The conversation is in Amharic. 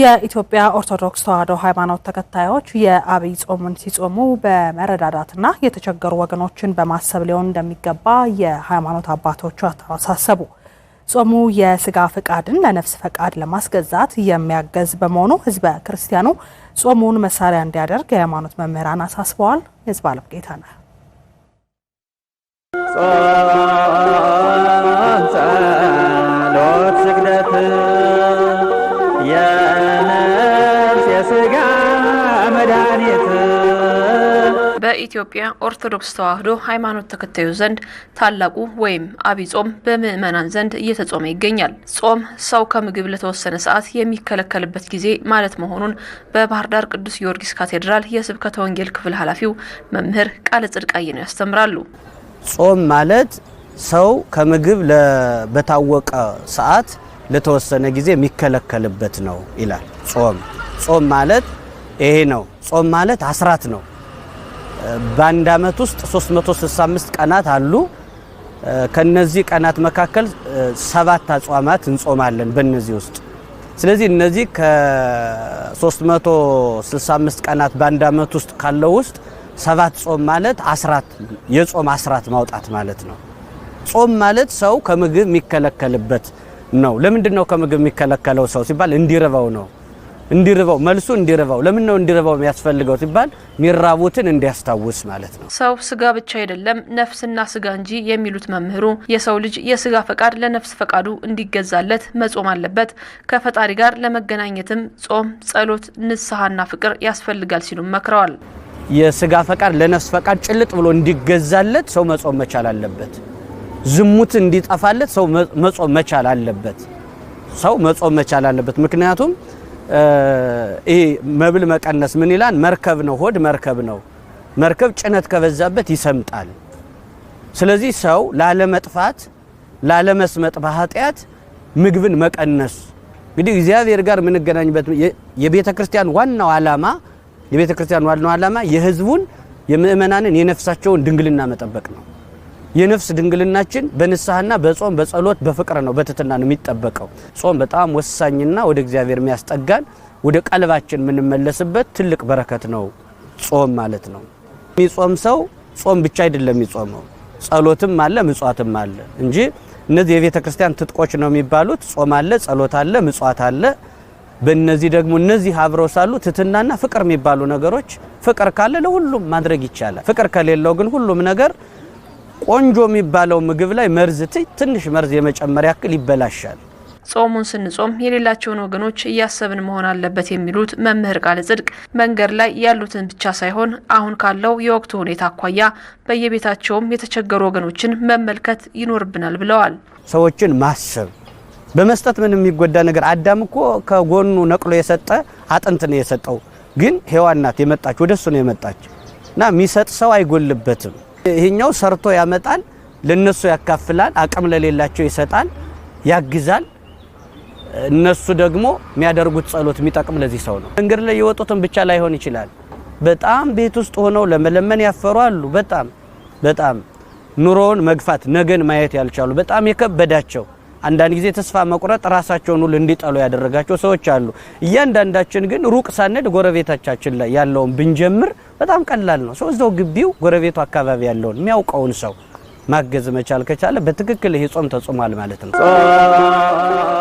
የኢትዮጵያ ኦርቶዶክስ ተዋሕዶ ሃይማኖት ተከታዮች የአብይ ጾሙን ሲጾሙ በመረዳዳትና የተቸገሩ ወገኖችን በማሰብ ሊሆን እንደሚገባ የሃይማኖት አባቶቹ አሳሰቡ። ጾሙ የስጋ ፍቃድን ለነፍስ ፈቃድ ለማስገዛት የሚያገዝ በመሆኑ ህዝበ ክርስቲያኑ ጾሙን መሳሪያ እንዲያደርግ የሃይማኖት መምህራን አሳስበዋል። ህዝብ አለብጌታ ነው። የስጋ መድኃኒት በኢትዮጵያ ኦርቶዶክስ ተዋሕዶ ሃይማኖት ተከታዮች ዘንድ ታላቁ ወይም አብይ ጾም በምዕመናን ዘንድ እየተጾመ ይገኛል። ጾም ሰው ከምግብ ለተወሰነ ሰዓት የሚከለከልበት ጊዜ ማለት መሆኑን በባህር ዳር ቅዱስ ጊዮርጊስ ካቴድራል የስብከተ ወንጌል ክፍል ኃላፊው መምህር ቃለ ጽድቃይ ነው ያስተምራሉ። ጾም ማለት ሰው ከምግብ በታወቀ ሰዓት ለተወሰነ ጊዜ የሚከለከልበት ነው ይላል። ጾም ጾም ማለት ይሄ ነው። ጾም ማለት አስራት ነው። በአንድ ዓመት ውስጥ 365 ቀናት አሉ። ከነዚህ ቀናት መካከል ሰባት አጽዋማት እንጾማለን በእነዚህ ውስጥ። ስለዚህ እነዚህ ከ365 ቀናት በአንድ ዓመት ውስጥ ካለው ውስጥ ሰባት ጾም ማለት አስራት የጾም አስራት ማውጣት ማለት ነው። ጾም ማለት ሰው ከምግብ የሚከለከልበት ነው። ለምንድን ነው ከምግብ የሚከለከለው ሰው ሲባል እንዲርበው ነው። እንዲርበው መልሱ እንዲርበው። ለምን ነው እንዲርበው የሚያስፈልገው ሲባል ሚራቡትን እንዲያስታውስ ማለት ነው። ሰው ስጋ ብቻ አይደለም ነፍስና ስጋ እንጂ የሚሉት መምህሩ የሰው ልጅ የስጋ ፈቃድ ለነፍስ ፈቃዱ እንዲገዛለት መጾም አለበት። ከፈጣሪ ጋር ለመገናኘትም ጾም፣ ጸሎት፣ ንስሐና ፍቅር ያስፈልጋል ሲሉም መክረዋል። የስጋ ፈቃድ ለነፍስ ፈቃድ ጭልጥ ብሎ እንዲገዛለት ሰው መጾም መቻል አለበት። ዝሙት እንዲጠፋለት ሰው መጾም መቻል አለበት። ሰው መጾም መቻል አለበት። ምክንያቱም ይህ መብል መቀነስ ምን ይላል? መርከብ ነው፣ ሆድ መርከብ ነው። መርከብ ጭነት ከበዛበት ይሰምጣል። ስለዚህ ሰው ላለመጥፋት፣ ላለመስመጥ በኃጢአት ምግብን መቀነስ እንግዲህ እግዚአብሔር ጋር የምንገናኝበት የቤተ ክርስቲያን ዋናው ዓላማ የቤተ ክርስቲያን ዋናው ዓላማ የህዝቡን የምእመናንን የነፍሳቸውን ድንግልና መጠበቅ ነው። የነፍስ ድንግልናችን በንስሐና በጾም በጸሎት በፍቅር ነው፣ በትትና ነው የሚጠበቀው። ጾም በጣም ወሳኝና ወደ እግዚአብሔር የሚያስጠጋን ወደ ቀልባችን የምንመለስበት ትልቅ በረከት ነው ጾም ማለት ነው። የሚጾም ሰው ጾም ብቻ አይደለም የሚጾመው፣ ጸሎትም አለ ምጽዋትም አለ እንጂ እነዚህ የቤተ ክርስቲያን ትጥቆች ነው የሚባሉት። ጾም አለ፣ ጸሎት አለ፣ ምጽዋት አለ። በእነዚህ ደግሞ እነዚህ አብረው ሳሉ ትትናና ፍቅር የሚባሉ ነገሮች፣ ፍቅር ካለ ለሁሉም ማድረግ ይቻላል። ፍቅር ከሌለው ግን ሁሉም ነገር ቆንጆ የሚባለው ምግብ ላይ መርዝ ትንሽ መርዝ የመጨመር ያክል ይበላሻል። ጾሙን ስንጾም የሌላቸውን ወገኖች እያሰብን መሆን አለበት የሚሉት መምህር ቃለ ጽድቅ መንገድ ላይ ያሉትን ብቻ ሳይሆን አሁን ካለው የወቅቱ ሁኔታ አኳያ በየቤታቸውም የተቸገሩ ወገኖችን መመልከት ይኖርብናል ብለዋል። ሰዎችን ማሰብ በመስጠት ምን የሚጎዳ ነገር፣ አዳም እኮ ከጎኑ ነቅሎ የሰጠ አጥንት ነው የሰጠው፣ ግን ሔዋን ናት የመጣች ወደ እሱ ነው የመጣች እና የሚሰጥ ሰው አይጎልበትም። ይሄኛው ሰርቶ ያመጣል፣ ለነሱ ያካፍላል፣ አቅም ለሌላቸው ይሰጣል፣ ያግዛል። እነሱ ደግሞ የሚያደርጉት ጸሎት የሚጠቅም ለዚህ ሰው ነው። መንገድ ላይ የወጡትን ብቻ ላይሆን ይችላል። በጣም ቤት ውስጥ ሆነው ለመለመን ያፈሩ አሉ። በጣም በጣም ኑሮውን መግፋት ነገን ማየት ያልቻሉ በጣም የከበዳቸው አንዳንድ ጊዜ ተስፋ መቁረጥ ራሳቸውን ሁሉ እንዲጠሉ ያደረጋቸው ሰዎች አሉ። እያንዳንዳችን ግን ሩቅ ሳንድ ጎረቤቶቻችን ላይ ያለውን ብንጀምር በጣም ቀላል ነው። ሰው እዛው ግቢው ጎረቤቱ አካባቢ ያለውን የሚያውቀውን ሰው ማገዝ መቻል ከቻለ በትክክል ይሄ ጾም ተጾሟል ማለት ነው።